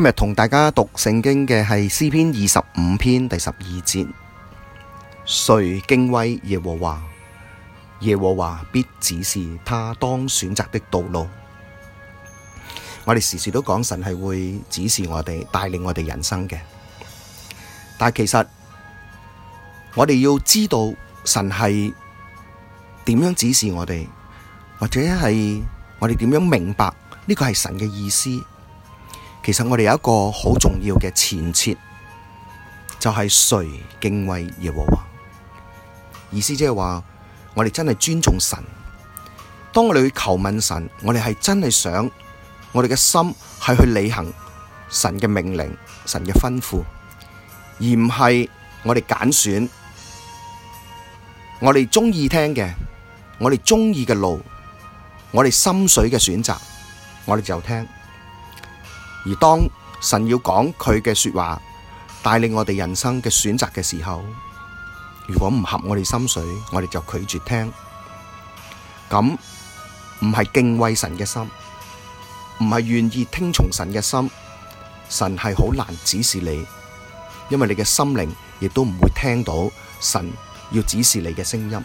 今日同大家讀聖經嘅係詩篇二十五篇第十二節，誰敬畏耶和華，耶和華必指示他當選擇的道路。我哋時時都講神係會指示我哋帶領我哋人生嘅，但其實我哋要知道神係點樣指示我哋，或者係我哋點樣明白呢個係神嘅意思。其實我哋有一個好重要嘅前設，就係誰敬畏耶和華。意思即係話，我哋真係尊重神。當我哋去求問神，我哋係真係想，我哋嘅心係去履行神嘅命令、神嘅吩咐，而唔係我哋揀選我哋鍾意聽嘅、我哋鍾意嘅路、我哋心水嘅選擇，我哋就聽。而當神要講佢嘅說話，帶領我哋人生嘅選擇嘅時候，如果唔合我哋心水，我哋就拒絕聽。咁唔係敬畏神嘅心，唔係願意聽從神嘅心，神係好難指示你，因為你嘅心靈亦都唔會聽到神要指示你嘅聲音。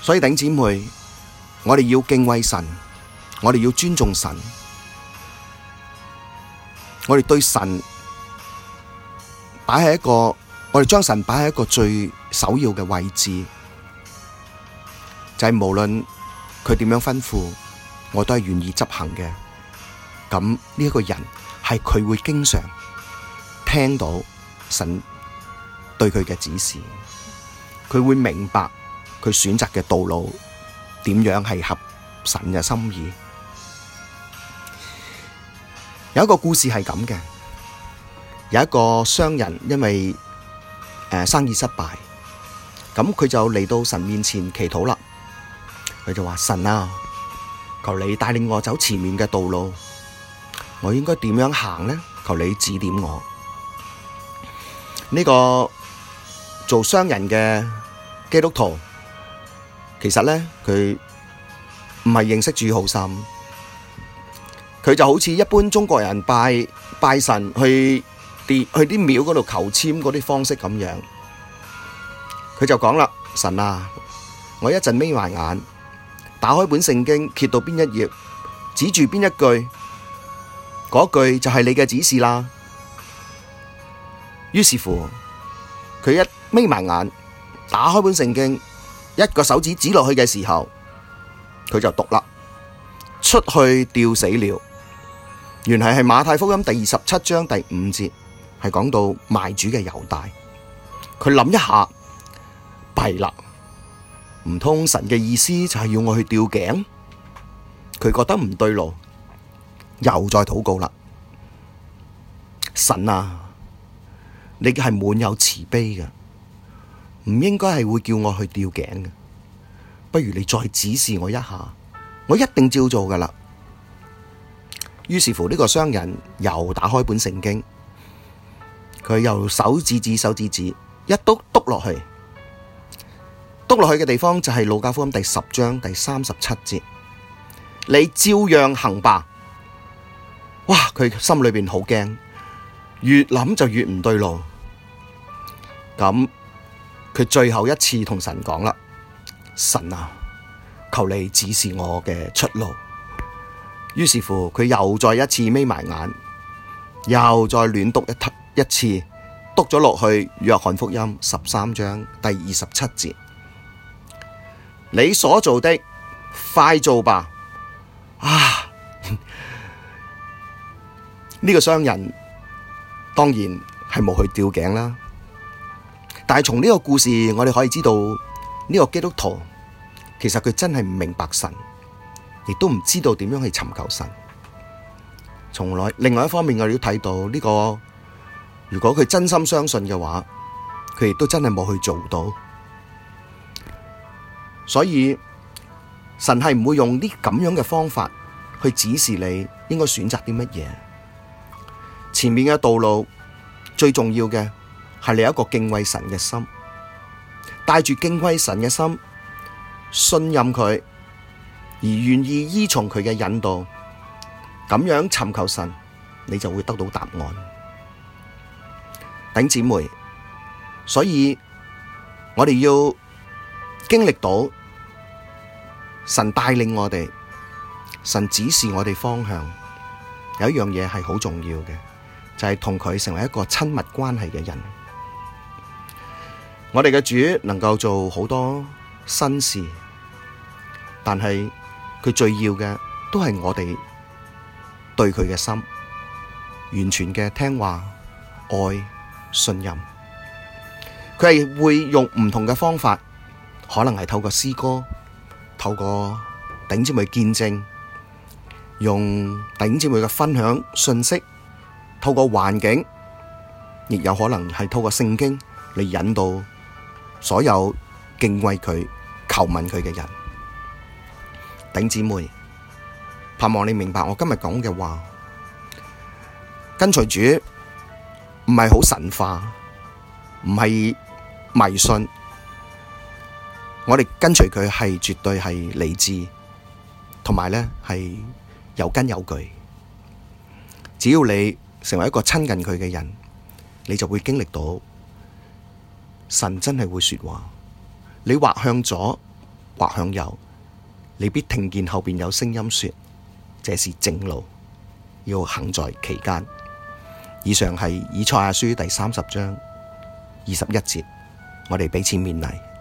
所以頂姐妹，我哋要敬畏神。我哋要尊重神，我哋對神擺喺一個，我哋將神擺喺一個最首要嘅位置，就係無論佢點樣吩咐，我都係願意執行嘅。咁呢一個人係佢會經常聽到神對佢嘅指示，佢會明白佢選擇嘅道路點樣係合神嘅心意。有一個故事係咁嘅，有一個商人因為生意失敗，咁佢就嚟到神面前祈禱啦。佢就話：神啊，求你帶領我走前面嘅道路，我應該點樣行呢？求你指點我。呢、這個做商人嘅基督徒，其實呢，佢唔係認識主好深。佢就好似一般中國人拜拜神去啲去廟嗰度求簽嗰啲方式咁樣，佢就講啦：神啊，我一陣眯埋眼，打開本聖經，揭到邊一頁，指住邊一句，嗰句就係你嘅指示啦。於是乎，佢一眯埋眼，打開本聖經，一個手指指落去嘅時候，佢就讀啦，出去吊死了。原來係馬太福音第二十七章第五節，係講到賣主嘅猶大，佢諗一下，弊啦，唔通神嘅意思就係要我去吊頸？佢覺得唔對路，又再禱告啦。神啊，你係滿有慈悲嘅，唔應該係會叫我去吊頸嘅，不如你再指示我一下，我一定照做噶啦。於是乎，呢個商人又打開本聖經，佢又手指指手指指，一督督落去，督落去嘅地方就係路加福音第十章第三十七節。你照樣行吧。哇！佢心裏面好驚，越諗就越唔對路。咁佢最後一次同神講啦，神啊，求你指示我嘅出路。於是乎，佢又再一次眯埋眼，又再亂讀一次，讀咗落去《約翰福音》十三章第二十七節：「你所做的，快做吧！啊，呢 個商人當然係冇去吊頸啦。但係從呢個故事，我哋可以知道，呢、這個基督徒其實佢真係唔明白神。亦都唔知道點樣去尋求神，從來另外一方面我哋要睇到呢個，如果佢真心相信嘅話，佢亦都真係冇去做到，所以神係唔會用啲咁樣嘅方法去指示你應該選擇啲乜嘢前面嘅道路，最重要嘅係你有一個敬畏神嘅心，帶住敬畏神嘅心，信任佢。而願意依從佢嘅引導，咁樣尋求神，你就會得到答案。頂姊妹，所以我哋要經歷到神帶領我哋，神指示我哋方向。有一樣嘢係好重要嘅，就係同佢成為一個親密關係嘅人。我哋嘅主能夠做好多新事，但係，佢最要嘅都係我哋對佢嘅心，完全嘅聽話、愛、信任。佢係會用唔同嘅方法，可能係透過詩歌，透過頂姊妹見證，用頂姊妹嘅分享信息，透過環境，亦有可能係透過聖經嚟引導所有敬畏佢、求問佢嘅人。頂姊妹，盼望你明白我今日講嘅話，跟隨主唔係好神化，唔係迷信，我哋跟隨佢係絕對係理智，同埋呢係有根有據。只要你成為一個親近佢嘅人，你就會經歷到神真係會說話。你或向左，或向右。你必聽見後邊有聲音說：這是正路，要行在其間。以上係以賽亞書第三十章二十一節，我哋彼此勉勵。